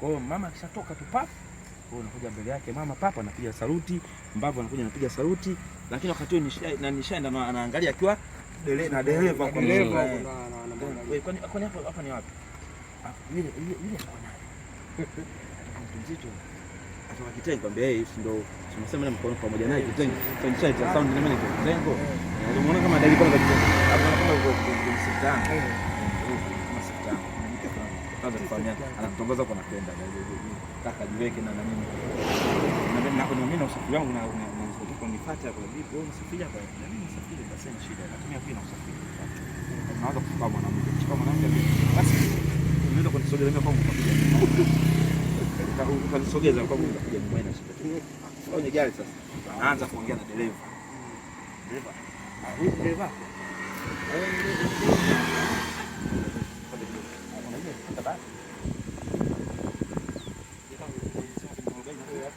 Kwa hiyo mama akishatoka tu pap, kwa unakuja mbele yake mama papa anapiga saluti, mbavu anakuja anapiga saluti, lakini wakati huo na nishaenda na anaangalia akiwa na dereva kwa dereva. Wewe kwani hapo hapa ni wapi? Yule yule yule kwa nani? Mzito. Ataka kitengo kwambia yeye ndio tunasema na mkono pamoja naye kitengo. Tanisha cha sound na mimi ni kitengo. Unaona kama dalili kama kitengo. Hapo hapo kwa kitengo anakusamea anakutongoza kwa napenda kaka jiweke na nani na kwa mimi na usafiri wangu na unataka unipate kwa vipi wewe usafiri kwa nani usafiri basi ni shida lakini hapo ina usafiri naanza kufika mwanamke kwa mwanamke basi unaweza kunisogeza mimi kwa kwa kunisogeza kwa kwangu kuja nyumbani na shida au ni gari sasa naanza kuongea na dereva dereva ah, huyu dereva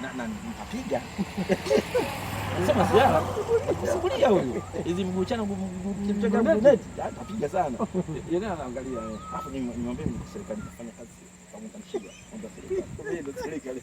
nitapiga sema siara kusugulia huyu hizi mguu chana tapiga sana yeye anaangalia hapo, nimwambie serikali kufanya kazi pamoja na shida serikali